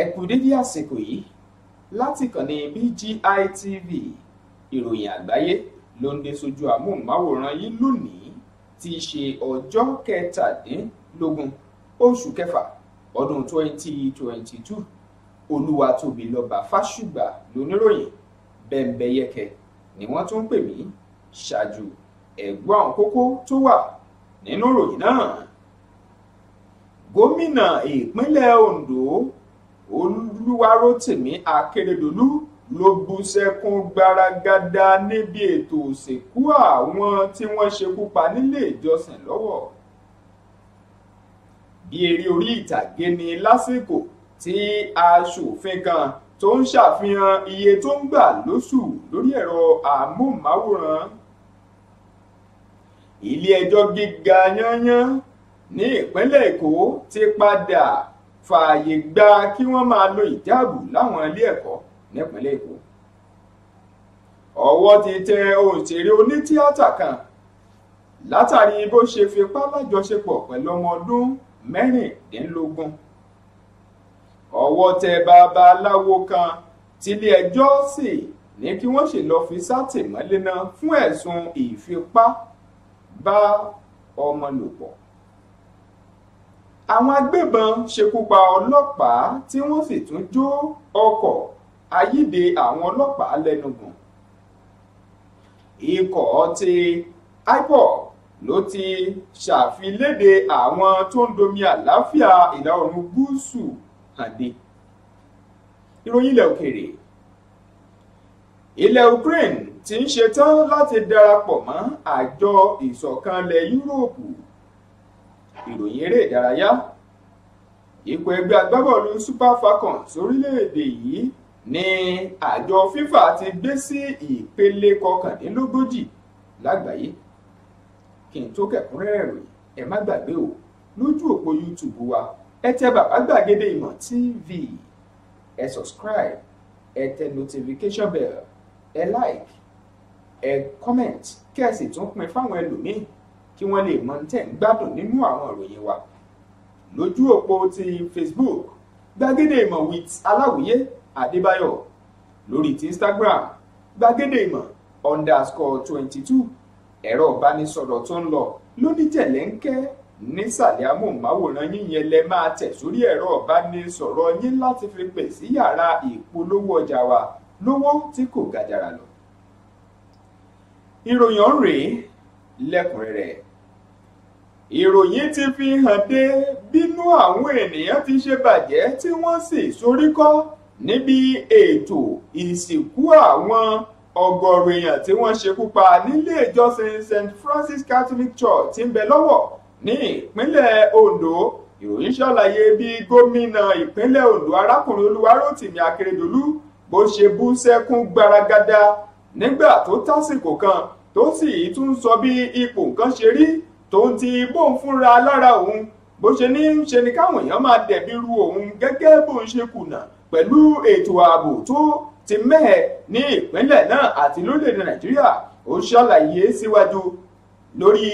ẹ kú dédé àsìkò yìí láti kànnì BGI TV ìròyìn àgbáyé ló ń dé sójú àmúhùnmáwòrán yìí lónìí tí í ṣe ọjọ́ kẹtàdínlógún oṣù kẹfà ọdún 2022 olúwatóbilọ́ba fásùgbà lóníròyìn bẹ́ńbẹ́yẹkẹ ni wọ́n tún ń pè mí ṣáájú ẹ̀gbọ́n àwọn kókó tó wà nínú ìròyìn náà gómìnà ìpínlẹ̀ Ondo olúwarótìmí akérèdọ́lù ló bú sẹ́kún gbaragada níbi ètò òsìnkú àwọn tí wọ́n ṣekú pa nílé ìjọsìn lọ́wọ́ bí eré orí ìtàgé ni lásìkò tí aṣòfin kan tó ń ṣàfihàn iye tó ń gbà lóṣù lórí ẹ̀rọ amóhùnmáwòrán ilé ẹjọ́ gíga yányán ní ìpínlẹ̀ èkó ti padà fààyè gba kí wọ́n máa lo ìjáàbù láwọn ilé ẹ̀kọ́ nípínlẹ̀ èkó ọwọ́ ti tẹ òǹṣèré onítíátà kan látàrí bó ṣe fipá lájọṣepọ̀ pẹ̀lú ọmọ ọdún mẹ́rìndínlógún ọwọ́ tẹ babaláwo kan tílé ẹjọ́ sì ní kí wọ́n ṣe lọ́ọ́ fi sátìmọ́lé náà fún ẹ̀sùn ìfipá bá ọmọ lò pọ̀ àwọn agbébọn ṣekú pa ọlọ́pàá tí wọ́n sì tún jó ọkọ̀ ayíde àwọn ọlọ́pàá lẹ́nu gùn ikọ̀ ti ipob ló ti ṣàfiléde àwọn tó ń domi àlàáfíà ìlà oòrùn gúúsù hànde ìròyìn ilẹ̀ òkèèrè ilẹ̀ Ukraine ti ń ṣetán láti darapọ̀ mọ́ àjọ ìṣọ̀kanlẹ̀ Yúróòpù ìròyìn eré ìdárayá ipò ẹgbẹ́ agbábọ́ọ̀lù super falcons orílẹ̀-èdè yìí ni àjọ FIFA ti gbé sí ìpele kọkàndínlógójì lágbàáyé kí n tó kẹ̀kúnrẹ́rẹ́ rẹ̀ ẹ má gbàgbé o lójú òpó YouTube wa ẹ tẹ bàbá gbàgede ìmọ̀ TV ẹ subscribe ẹ tẹ notification bell ẹ like ẹ comment kí ẹ sì tún pín fáwọn ẹlòmíín kí wọ́n lè mọ tẹ̀ ń gbádùn nínú àwọn ìròyìn wa lójú òpó ti Facebook gbàgede ìmọ̀ with aláwìyé adébáyọ̀ lórí ti Instagram gbàgede ìmọ̀ underscore twenty two ẹ̀rọ ìbánisọ̀rọ̀ tó ń lọ lóníjẹ̀lẹ́ńkẹ́ nísàlẹ̀ amóhùnmáwòrán yín yẹn lẹ máa tẹ̀ sórí ẹ̀rọ ìbánisọ̀rọ̀ yín láti fi pè sí yàrá ìpolówó ọjà wa lówó tí kò gàjàrà lọ. ìròyìn ọ̀rẹ́ lẹ́kùnrẹ́rẹ́ ìròyìn ti fi hàn dé bínú àwọn ènìyàn ti ṣe bàjẹ́ tí wọ́n sì soríkọ́ níbi ètò ìsìnkú àwọn ọ̀gọ̀rọ̀ èèyàn tí wọ́n ṣekú pa nílé ìjọsìn St Francis Catholic Church ti ń bẹ lọ́wọ́ ní ìpínlẹ̀ Ondo ìròyìn ṣàlàyé bí gómìnà ìpínlẹ̀ Ondo arákùnrin Olúwarótìmí Akérédolú bó ṣe bú sẹ́kún gbaragada nígbà tó tásìkò kan tó sì tún sọ bí ipò nǹkan ṣe rí tòun ti bóun fúnra lára òun bó ṣe ní ṣe ni káwọn èèyàn máa dẹ̀bi ru òun gẹ́gẹ́ bóun ṣe kùnà pẹ̀lú ètò ààbò tó ti mẹ́ẹ̀ ní ìpínlẹ̀ náà àti lórílẹ̀‐èdè nàìjíríà ó ṣàlàyé síwájú lórí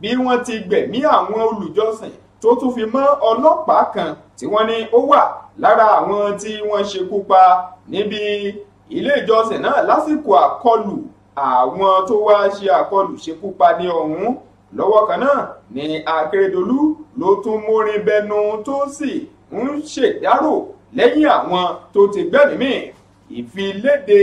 bí wọ́n ti gbẹ̀mí àwọn olùjọ́sìn tó tún fi mọ́ ọlọ́pàá kan tí wọ́n ní ó wà lára àwọn tí wọ́n ṣekú pa níbi ilé ìjọsìn náà lásìkò àkọlù àwọn tó wá ṣe àkọlù ṣekú pa ní ọ̀hún lọ́wọ́ kan náà ni akérèdọ́lù ló tún mórin bẹnu tó sì ń ṣèdárò lẹ́yìn àwọn tó ti gbẹ́mìí mì ìfiléde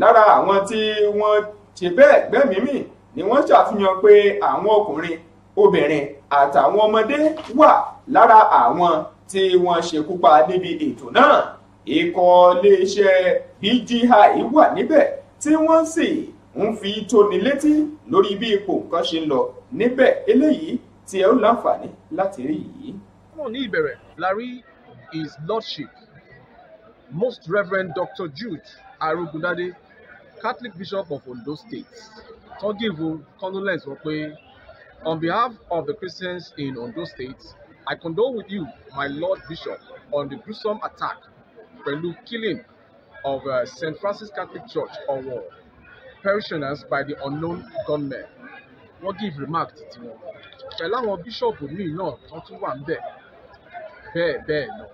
lára àwọn tí wọ́n ti bẹ́ẹ̀ gbẹ́mìí mì ni wọ́n ṣàfihàn pé àwọn ọkùnrin obìnrin àtàwọn ọmọdé wà lára àwọn tí wọ́n ṣekú pa níbi ètò náà ikọ̀ iléeṣẹ́ BGI wà níbẹ̀ tí wọ́n sì ń fi tóni létí lórí bí ipò nǹkan ṣe ń lọ níbẹ̀ eléyìí tí ẹ ó láǹfààní láti rí yìí. kúrò ní ìbẹ̀rẹ̀ la rí lordship most reverend dr jude arugundade catholic bishop of ondo state tó gíìvù condolence wọn pé on behalf of the christians in ondo state i condole with you my lord bishop on the gruesome attack pẹ̀lú killing of uh, st francis catholic church ọ̀wọ̀ parishioners by the unknown gunmen wọ́n give remark títí wọn pẹ̀lú àwọn bíṣọ̀bù míì náà wọ́n tún wà ńbẹ̀ bẹ́ẹ̀ bẹ́ẹ̀ lọ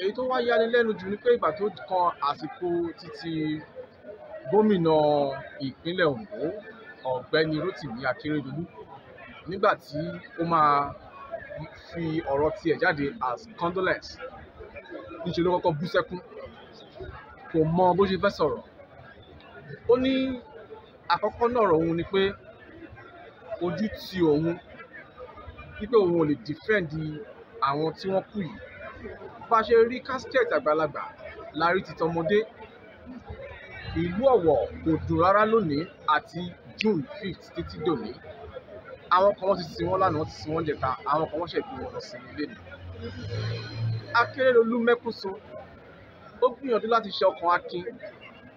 èyí tó wá yani lẹ́nu jù ni pé ìgbà tó kan àsìkò títí gómìnà ìpínlẹ̀ Ondo ọ̀gbẹ́ni Rotimi Akeredolu nígbà tí ó máa fi ọ̀rọ̀ tiẹ̀ jáde as condolence níṣẹ́ ló kọ́kọ́ bú sẹ́kún kò mọ bó ṣe fẹ́ sọ̀rọ̀ ó ní àkọ́kọ́ náà ọ̀rọ̀ òun ni pé ojú ti òun wípé òun ò lè defend àwọn tí wọ́n kú yìí bá a ṣe rí casket àgbàlagbà la rí ti tọmọdé ìlú Ọ̀wọ̀ kò dùn rárá lónìí àti June fifth títí dòní àwọn kan wọ́n ti sin wọ́n lánàá wọ́n ti sin wọ́n jẹta àwọn kan wọ́n ṣẹ̀ bí wọ́n lọ sí ilé ni. Akérèdọ́lù mẹ́kún ó gbìyànjú láti ṣe ọkàn Akin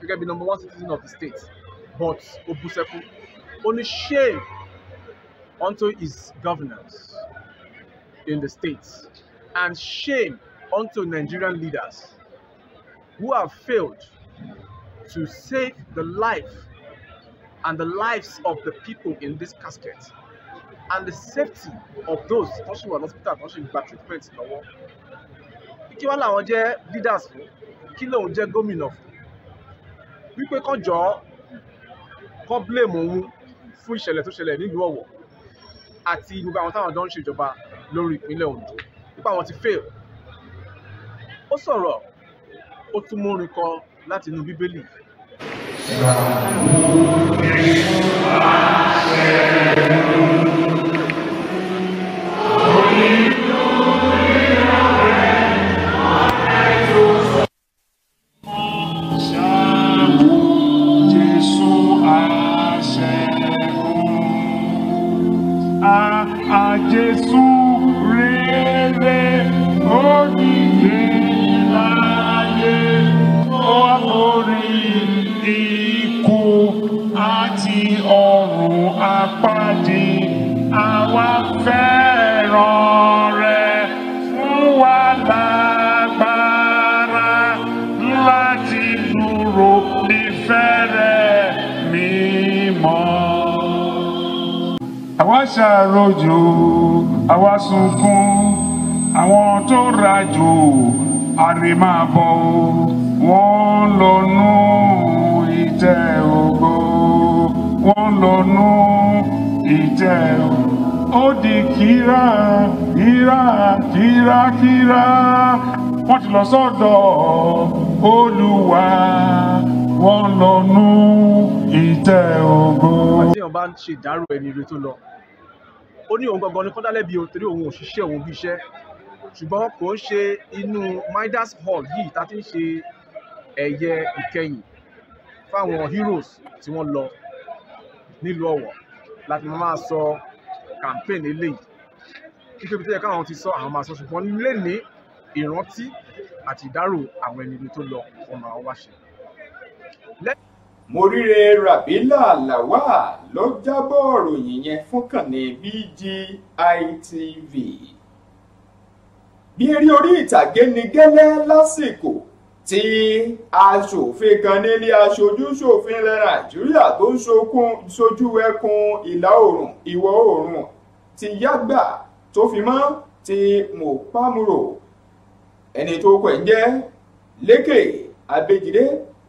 can be number one citizen of the state but ó only shame unto his governance in the states, and shame unto Nigerian leaders who have failed to save the life and the lives of the people in this casket and the safety of those tó ṣì wà lọ́sítà tó ṣì in treatment lọ́wọ́ kí wọ́n làwọn jẹ́ leaders fún kí lóun jẹ́ gómìnà wípé kán jọ kán blame òun fún ìṣẹ̀lẹ̀ tó ṣẹlẹ̀ nílùú Ọ̀wọ̀ àti gbogbo àwọn táwọn jọ ń ṣèjọba lórí ìpínlẹ̀ Ondo nípa àwọn ti fail ó sọ̀rọ̀ ó tún mórin kọ láti inú Bíbélì. Ìgbà wo ni wàá ṣàròjò àwa sunkún àwọn tó rajò àrèmábọ wọn lọnú ìtẹ́ ògo wọn lọnú ìtẹ́ ògo ó di kíra kíra kíra kíra wọ́n ti lọ sọ́dọ̀ olúwa wọ́n lọ nú ìtẹ́ ògo. àti ọba ń ṣèdárò ẹni rẹ tó lọ ó ní òun gangan ni kọ́ dálẹ́bi o torí òun ò ṣiṣẹ́ òun bí iṣẹ́ ṣùgbọ́n kò ń ṣe inú Midas Hall yìí tá ti ń ṣe ẹ̀yẹ ìkẹyìn fáwọn heroes tí wọ́n lọ nílùú Ọ̀wọ̀ láti máa sọ campaign eléyìí kíkébi tó yẹ káwọn ti sọ àwọn máa sọ ṣùgbọ́n lè ní ìrántí àti ìdárò àwọn ẹni tó lọ ọ̀nà àwọn wáṣẹ moríre rabila lawa ló jábọ̀ ròyìn yẹn fúnkànnì BGI TV bí eré orí ìtàgé ni gẹ́lẹ́ lásìkò tí aṣòfin kan nílé aṣojú ṣòfin ilẹ̀ Nàìjíríà tó ń sojú ẹkùn ìlà oòrùn ìwọ̀ oòrùn ti Yágbà tó fi mọ́ ti Mopamuro ẹni tó kọ̀ ń jẹ́ Lékè Abéjìdé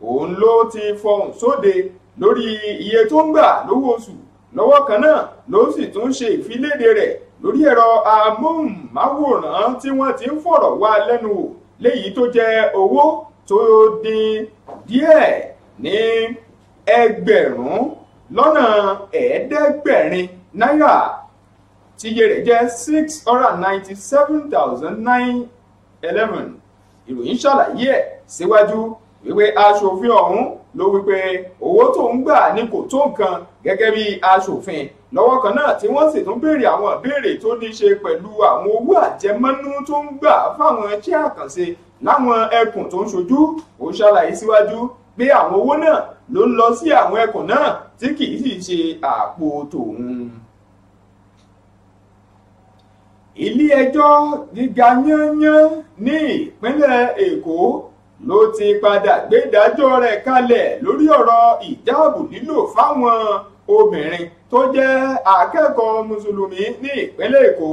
òun ló ti fọhùn sóde lórí iye tó ń gbà lówó oṣù lọ́wọ́ kan náà ló sì tún ṣe ìfiléde rẹ̀ lórí ẹ̀rọ amóhùnmáwòrán tí wọ́n ti ń fọ̀rọ̀ wá lẹ́nu wò léyìí tó jẹ́ owó tó dín díẹ̀ ní ẹgbẹ̀rún lọ́nà ẹ̀ẹ́dẹ́gbẹ̀rin náírà tíye rẹ̀ jẹ́ six hundred ninety seven thousand nine eleven ìròyìn ṣàlàyé ẹ̀ síwájú wípé aṣòfin ọ̀hún ló wípé owó tó ń gbà ni kò tó nǹkan gẹ́gẹ́ bí aṣòfin lọ́wọ́ kan náà tí wọ́n sì tún béèrè àwọn ìbéèrè tó ní ṣe pẹ̀lú àwọn owó àjẹmọ́nú tó ń gbà fáwọn iṣẹ́ àkànṣe láwọn ẹkùn tó ń ṣojú ó ṣàlàyé síwájú pé àwọn owó náà ló ń lọ sí àwọn ẹkùn náà tí kì í sì ṣe àpò tòun ilé ẹjọ́ gíga yányán ní ìpínlẹ̀ Èkó ló ti padà gbé ìdájọ́ rẹ̀ kalẹ̀ lórí ọ̀rọ̀ ìjáàbù lílò fáwọn obìnrin tó jẹ́ akẹ́kọ̀ọ́ mùsùlùmí ní ìpínlẹ̀ èkó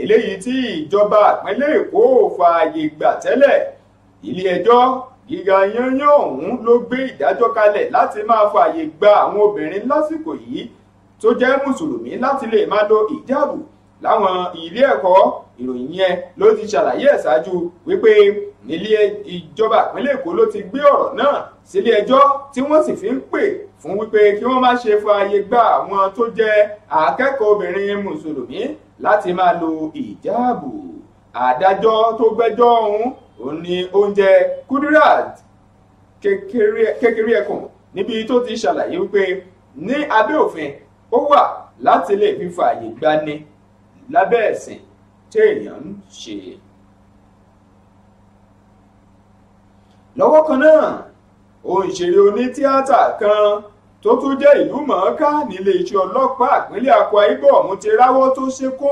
eléyìí tí ìjọba ìpínlẹ̀ èkó fààyè gbà tẹ́lẹ̀ ilé ẹjọ́ gíga yányán ọ̀hún ló gbé ìdájọ́ kalẹ̀ láti máa fààyè gba àwọn obìnrin lásìkò yìí tó jẹ́ mùsùlùmí láti lè máa lo ìjáàbù láwọn ilé ẹ̀kọ́ ìròyìn yẹn ló ti ṣàlàyé ẹ̀ nílé ìjọba ìpínlẹ̀ èkó ló ti gbé ọ̀rọ̀ náà sílé ẹjọ́ tí wọ́n sì fi ń pè fún wípé kí wọ́n má ṣe fààyè gba àwọn tó jẹ́ akẹ́kọ̀ọ́ obìnrin mùsùlùmí láti máa lo ìjáàbù adájọ́ tó gbẹ́jọ́ ọ̀hún òun ni oúnjẹ Kudirat kékeré ẹkùn níbi tó ti ṣàlàyé wípé ní abẹ́ òfin ó wà láti lè fi fààyè gbani lábẹ́ ẹ̀sìn téèyàn ń ṣe. lọ́wọ́ kan náà òǹṣèré onítíátà kan tó tún jẹ́ ìlú mọ̀ọ́ká nílé iṣẹ́ ọlọ́pàá ìpínlẹ̀ Akwa Ibom ti ráwọ́ tó ṣekú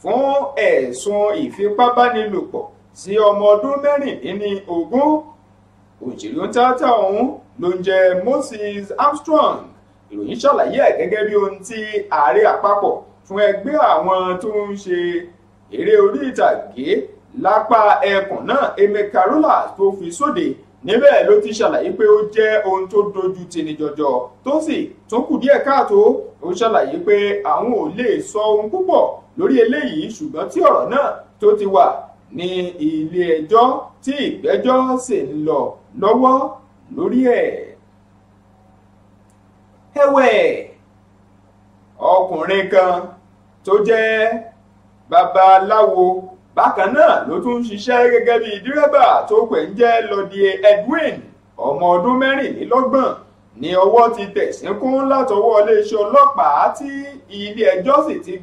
fún ẹ̀sùn ìfipábánilòpọ̀ sí ọmọ ọdún mẹ́rìndínlógún òǹṣèré onítíátà ọ̀hún ló ń jẹ́ Moses Armstrong ìròyìn ṣàlàyé ẹ̀ gẹ́gẹ́ bí ohun tí ààrẹ àpapọ̀ fún ẹgbẹ́ àwọn tó ń ṣe eré orí ìtàgé lápá ẹkùn náà Emeka Rollas tó fi sóde níbẹ̀ ló ti ṣàlàyé pé ó jẹ́ ohun tó dojú tini jọjọ tó sì tún kù díẹ̀ káàtó ó ṣàlàyé pé àwọn ò lè sọ ohun púpọ̀ lórí eléyìí ṣùgbọ́n tí ọ̀rọ̀ náà tó ti wà ní ilé ẹjọ́ tí ìgbẹ́jọ́ sì ń lọ lọ́wọ́ lórí ẹ̀. ẹ̀wẹ̀ ọkùnrin kan tó jẹ́ babaláwo bákan náà ló tún ń ṣiṣẹ́ gẹ́gẹ́ bí dírẹ́bà tó pẹ̀ ń jẹ́ lọ́dìẹ Edwin ọmọ ọdún mẹ́rìnlélọ́gbọ̀n ní ọwọ́ ti tẹ̀sín kún látọwọ́ iléeṣẹ́ ọlọ́pàá tí ilé ẹjọ́ sì ti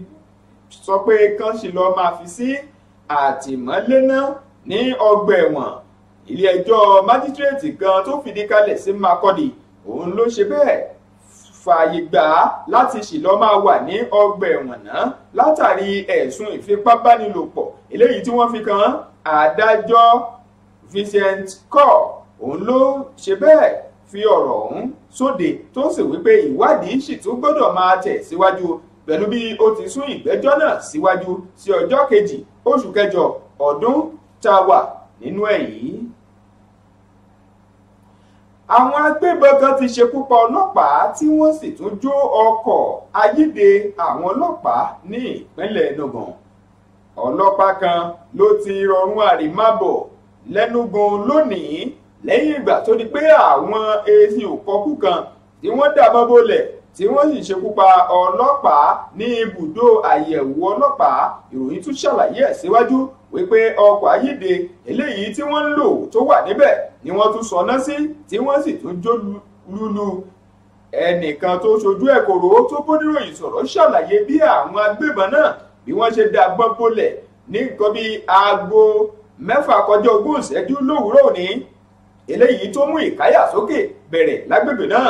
sọ pé kán sì lọ́ọ́ máa fi sí àtìmọ́lé náà ní ọgbà ẹ̀wọ̀n ilé ẹjọ́ májísírèètì kan tó fìdí kalẹ̀ sí Makurdi òun ló ṣe bẹ́ẹ̀ fààyè gbà á láti ṣì lọ́ọ́ máa wà ní ọgbà ẹ̀wọ̀n náà látàrí ẹ̀sùn ìfipábánilòpọ̀ eléyìí tí wọ́n fi kan adájọ́ Vincent Corr òun ló ṣe bẹ́ẹ̀ fi ọ̀rọ̀ ọ̀hún sóde tó sì wípé ìwádìí sì tún gbọ́dọ̀ máa tẹ̀ síwájú pẹ̀lú bí ó ti sún ìgbẹ́jọ́ náà síwájú sí ọjọ́ kejì oṣù kẹjọ ọdún tá a wà nínú ẹ̀ àwọn agbébọn kan ti ṣekú pa ọlọ́pàá tí wọ́n sì tún jó ọkọ̀ ayíde àwọn ọlọ́pàá ní ìpínlẹ̀ Ẹnùgàn ọlọ́pàá kan ló ti rọrùn àrímábọ̀ lẹ́nugan lónìí lẹ́yìn ìgbà tó di pé àwọn ẹṣin òkọkú kan tí wọ́n dàbọ̀ bolẹ̀ tí wọ́n sì ṣekú pa ọlọ́pàá ní ibùdó àyẹ̀wò ọlọ́pàá ìròyìn tún ṣàlàyé ẹ̀ síwájú wípé ọkọ̀ ayíde eléyìí tí wọ́n ń lò tó wà níbẹ̀ ni wọ́n tún sọná sí tí wọ́n sì tún jó lulu ẹnìkan tó ṣojú ẹ̀kọ́rò tó bóníròyìn sọ̀rọ̀ ṣàlàyé bí àwọn agbébọn náà bí wọ́n ṣe dá gbọ́n bolẹ̀ ní nǹkan bíi aago mẹ́fà kọjá ogún ìṣẹ́jú lówùúrọ̀ òní eléyìí tó mú ìkáyàsókè bẹ̀rẹ̀ lágbègbè náà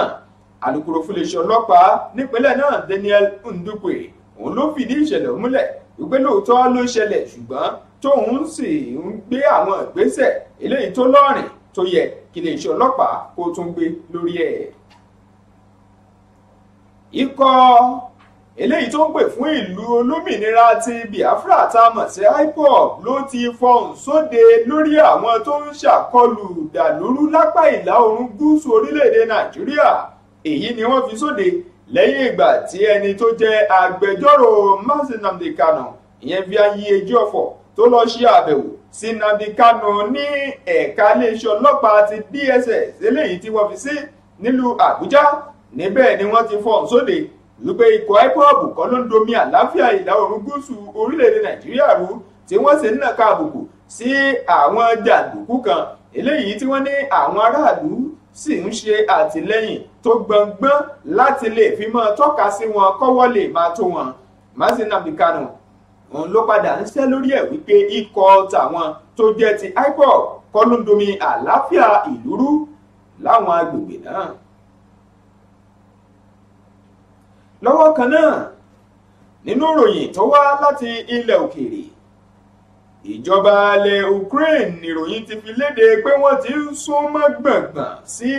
alukoro fúnléṣẹ́ ọlọ́pàá nípínlẹ̀ náà Daniel Ndukwe òun ló fìdí ìṣẹ̀lẹ̀ múlẹ̀ wípé lóòótọ́ ló ṣẹlẹ̀ ṣùgbọ́n tóun sì ń gbé àwọn ìgbésẹ̀ eléyìí tó lọ́rìn tó yẹ kí iléeṣẹ́ ọlọ́pàá kó tún gbé lórí ẹ̀. ikọ̀ eléyìí tó ń pè fún ìlú olómìnira ti Biafra tá a mọ̀ sí IPOB ló ti fọhùn sóde lórí àwọn tó ń ṣàkọlù dàlúrú lápá ìlà oòrùn gúúsù orílẹ̀-èdè Nàìjíríà èyí ni wọ́n fi sóde lẹ́yìn ìgbà tí ẹni tó jẹ́ agbẹjọ́rò Mazi Nnamdi Kanu ìyẹn fi ayé ẹjọ́ ọ̀fọ̀ tó lọ ṣe àbẹ̀wò sí Nnamdi Kanu ní ẹ̀ka iléeṣẹ́ ọlọ́pàá ti DSS eléyìí tí wọ́n fi sí nílùú Àbújá níbẹ̀ ni wọ́n ti fọ́n sóde wípé ikọ̀ IPOB kọ́ ló ń domi àlàáfíà ìlà oòrùn gúúsù orílẹ̀-èdè Nàìjíríà rú tí wọ́n sì ń nàka àbùkù sí àwọn jàǹdùkú kan eléyìí tí wọ́n ní àwọn aráàlú sì ń ṣe àtìlẹ́yìn tó gbọngbọ́n láti lè fi mọ́ tọ́ka sí wọn kọ́wọ́ lè máa tó wọn. Mazi Nnamdi òun ló padà ń ṣẹ́ lórí ẹ̀ wípé ikọ̀ tàwọn tó jẹ́ ti ipob kọ́ ló ń domi àlàáfíà ìlú rú láwọn agbègbè náà. lọ́wọ́ kan náà nínú ìròyìn tó wá láti ilẹ̀ òkèèrè ìjọba ilẹ̀ Ukraine nìròyìn ti fi léde pé wọ́n ti ń sún mọ́ gbọ̀ngbọ̀n sí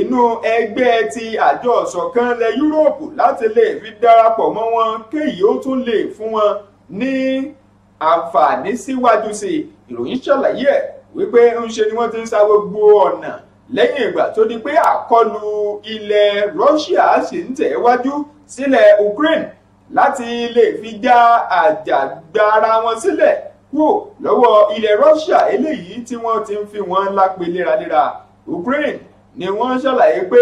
inú ẹgbẹ́ ti àjọ ìṣọ̀kan ilẹ̀ Yúróòpù láti lè fi darapọ̀ mọ́ wọn kéyìí ó tún lè fún wọn ní àǹfààní síwájú sí ìròyìn ṣàlàyé ẹ̀ wípé ń ṣe ni wọ́n ti ń sa gbogbo ọ̀nà lẹ́yìn ìgbà tó di pé àkọlù ilẹ̀ Russia sì ń tẹ̀ wájú sílẹ̀ Ukraine láti lè fi já àjàgbara wọn sílẹ̀ kúrò lọ́wọ́ ilẹ̀ Russia eléyìí tí wọ́n ti ń fi wọ́n lápè léraléra Ukraine ni wọ́n ṣàlàyé pé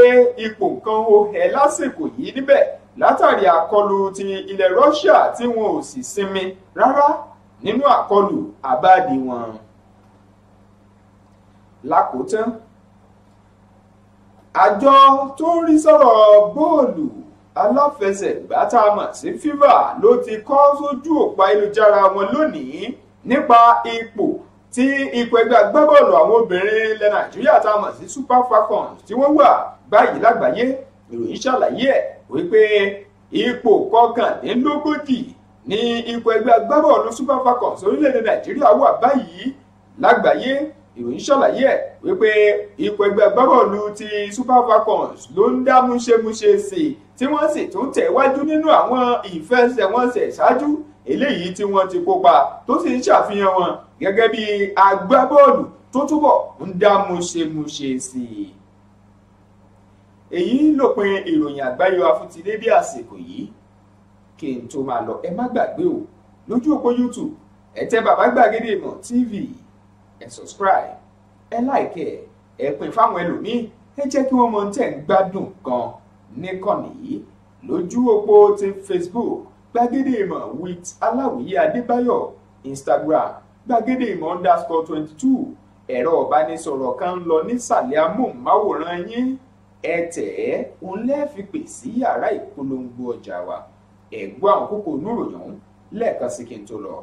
ipò kan ò hẹ́ lásìkò yìí níbẹ̀ látàrí àkọlù ti ilẹ̀ Russia tí wọn ò sì sinmi rárá nínú àkọlù àbáàdì wọn. lákòótán àjọ tó ń rí sọ̀rọ̀ bóòlù aláfẹsẹ̀gbá tá a mọ̀ sí FIFA ló ti kọ́ sójú òpó ayélujára wọn lónìí nípa ipò tí ikọ̀ ẹgbẹ́ agbábọ́ọ̀lù àwọn obìnrin ilẹ̀ Nàìjíríà tá a mọ̀ sí Super Falcons tí wọ́n wà báyìí lágbàáyé ìròyìn ṣàlàyé ẹ̀ wípé ipò kọkànlélógójì ni ikọ̀ ẹgbẹ́ agbábọ́ọ̀lù super falcons orílẹ̀-èdè nàìjíríà wà báyìí lágbàáyé ìròyìn ṣàlàyé ẹ̀ wípé ikọ̀ ẹgbẹ́ agbábọ́ọ̀lù ti super falcons ló ń dá múṣemúṣe sí i tí wọ́n sì tún tẹ̀wájú nínú àwọn ìfẹsẹ̀wọnsẹ̀ ṣáájú eléyìí tí wọ́n ti kópa tó sì ń ṣàfihàn wọn gẹ́gẹ́ bí agbábọ́ọ̀lù tó túbọ̀ ń dá múṣemúṣe sí i èyí lópin ìròyìn àgbáyọ afúntilé bí àsìkò yìí kí n tó máa lọ ẹ má gbàgbé o lójú òpó youtube ẹ tẹ bàbá gbàgede ìmọ̀ tv ẹ subscribe ẹ like ẹ ẹ pín fáwọn ẹlòmíín ẹ jẹ́ kí wọ́n mọ tẹ̀ ń gbádùn gan níkànnì yìí lójú òpó ti facebook gbàgede ìmọ̀ with aláwìyé adébáyọ̀ instagram gbàgede ìmọ̀ underscore twenty two ẹ̀rọ ìbánisọ̀rọ̀ kan ń lọ nísàlẹ̀ amóhùnmáwòrán yín ẹ tẹ̀ ẹ́ òun lẹ́ẹ̀ fi pè sí yàrá ìpolongo ọjà wa ẹ̀gbọ́n àwọn kókó oníròyìn ọ̀hún lẹ́ẹ̀kan sí kí n tó lọ.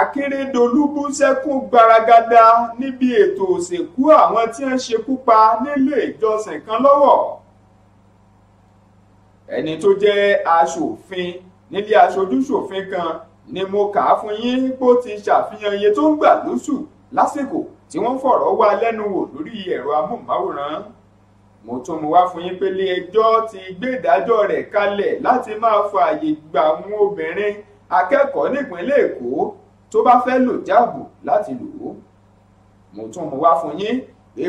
Akérèdọ́lù bú sẹ́kún gbaragada níbi ètò òsìnkú àwọn tí wọ́n ṣekú pa nílé ìjọsìn kan lọ́wọ́ ẹni tó jẹ́ aṣòfin nílé aṣojúṣòfin kan ni mo kà á fún yín bó ti ṣàfihàn iye tó ń gbà lóṣù lásìkò tí wọ́n fọ̀rọ̀ wá lẹ́nu wò lórí ẹ̀rọ amóhùnmáwòrán mo tún mú wá fún yín pé ilé ẹjọ́ ti gbé ìdájọ́ rẹ̀ kalẹ̀ láti máa fààyè gba àwọn obìnrin akẹ́kọ̀ọ́ nípínlẹ̀ èkó tó bá fẹ́ lò jáàbù láti lò ó mo tún mú wá fún yín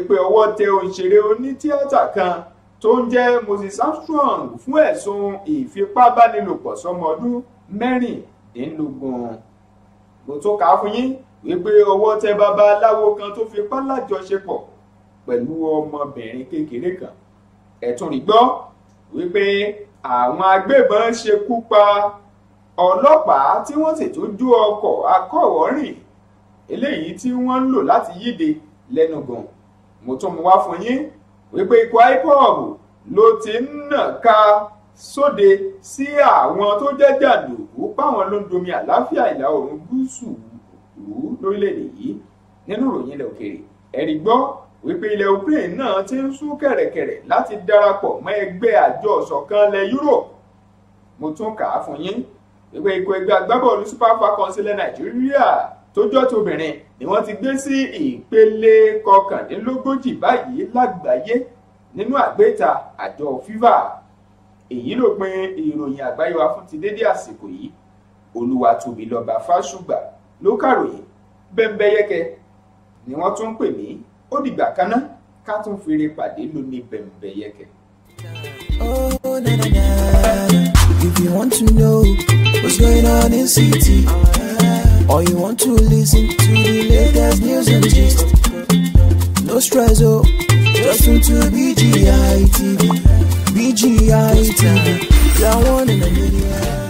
pé ọwọ́ tẹ òṣèré onítíátà kan tó ń jẹ́ Moses Armstrong fún ẹ̀sùn ìfipábánilòpọ̀ sọmọ ọdún mẹ́rìndínlógún mo tún kà á fún yín wípé ọwọ́ tẹ babaláwo kan tó fipá lájọṣepọ̀ pẹ̀lú ọmọbìnrin kékeré kan ẹ̀tún rí gbọ́ wípé àwọn agbébọn ṣekú pa ọlọ́pàá tí wọ́n sì tún jó ọkọ̀ akọ̀wọ́rìn eléyìí tí wọ́n ń lò láti yíde lẹ́nu gan mo tún mú wá fún yín wípé ikọ̀ ipob ló ti ń nà ka sóde sí àwọn tó jẹ́ jàǹdùkú páwọn ló ń domi àlàáfíà ìlà oòrùn gúúsù lórílẹ̀‐èdè yìí nínú ìròyìn ilẹ̀ òkèèrè ẹ̀rí gbọ́ wípé ilẹ̀ Ukraine náà ti ń sú kẹ̀rẹ̀kẹ̀rẹ̀ láti darapọ̀ mọ́ ẹgbẹ́ àjọ ìṣọ̀kan ilẹ̀ Europe mo tún kà á fún yín wípé ikọ̀ ẹgbẹ́ agbábọ́ọ̀lù Super Falcons ilẹ̀ Nàìjíríà tó jọ́ ti obìnrin ni wọ́n ti gbé sí ìpele kọkàndínlógójì báyìí lágbàáyé nínú àgbéta àjọ FIFA èyí ló pin ìròyìn àgbáyé wa fún ti dédé àsìkò yìí olùwàtòbí lọ́ba fásùgbà ló kàròyìn bẹ́ńbẹ́yẹ́kẹ́ ni wọ́n tún ń pè mí ó dìgbà kan ká tún fèrè pàdé lónìí bẹ̀m̀bẹ̀ yẹkẹ. Oh, na, na, na. If you want to know what's going on in city, or you want to listen to the latest news and gist, no stress, oh, just tune to BGI TV, BGI TV, That one in a million.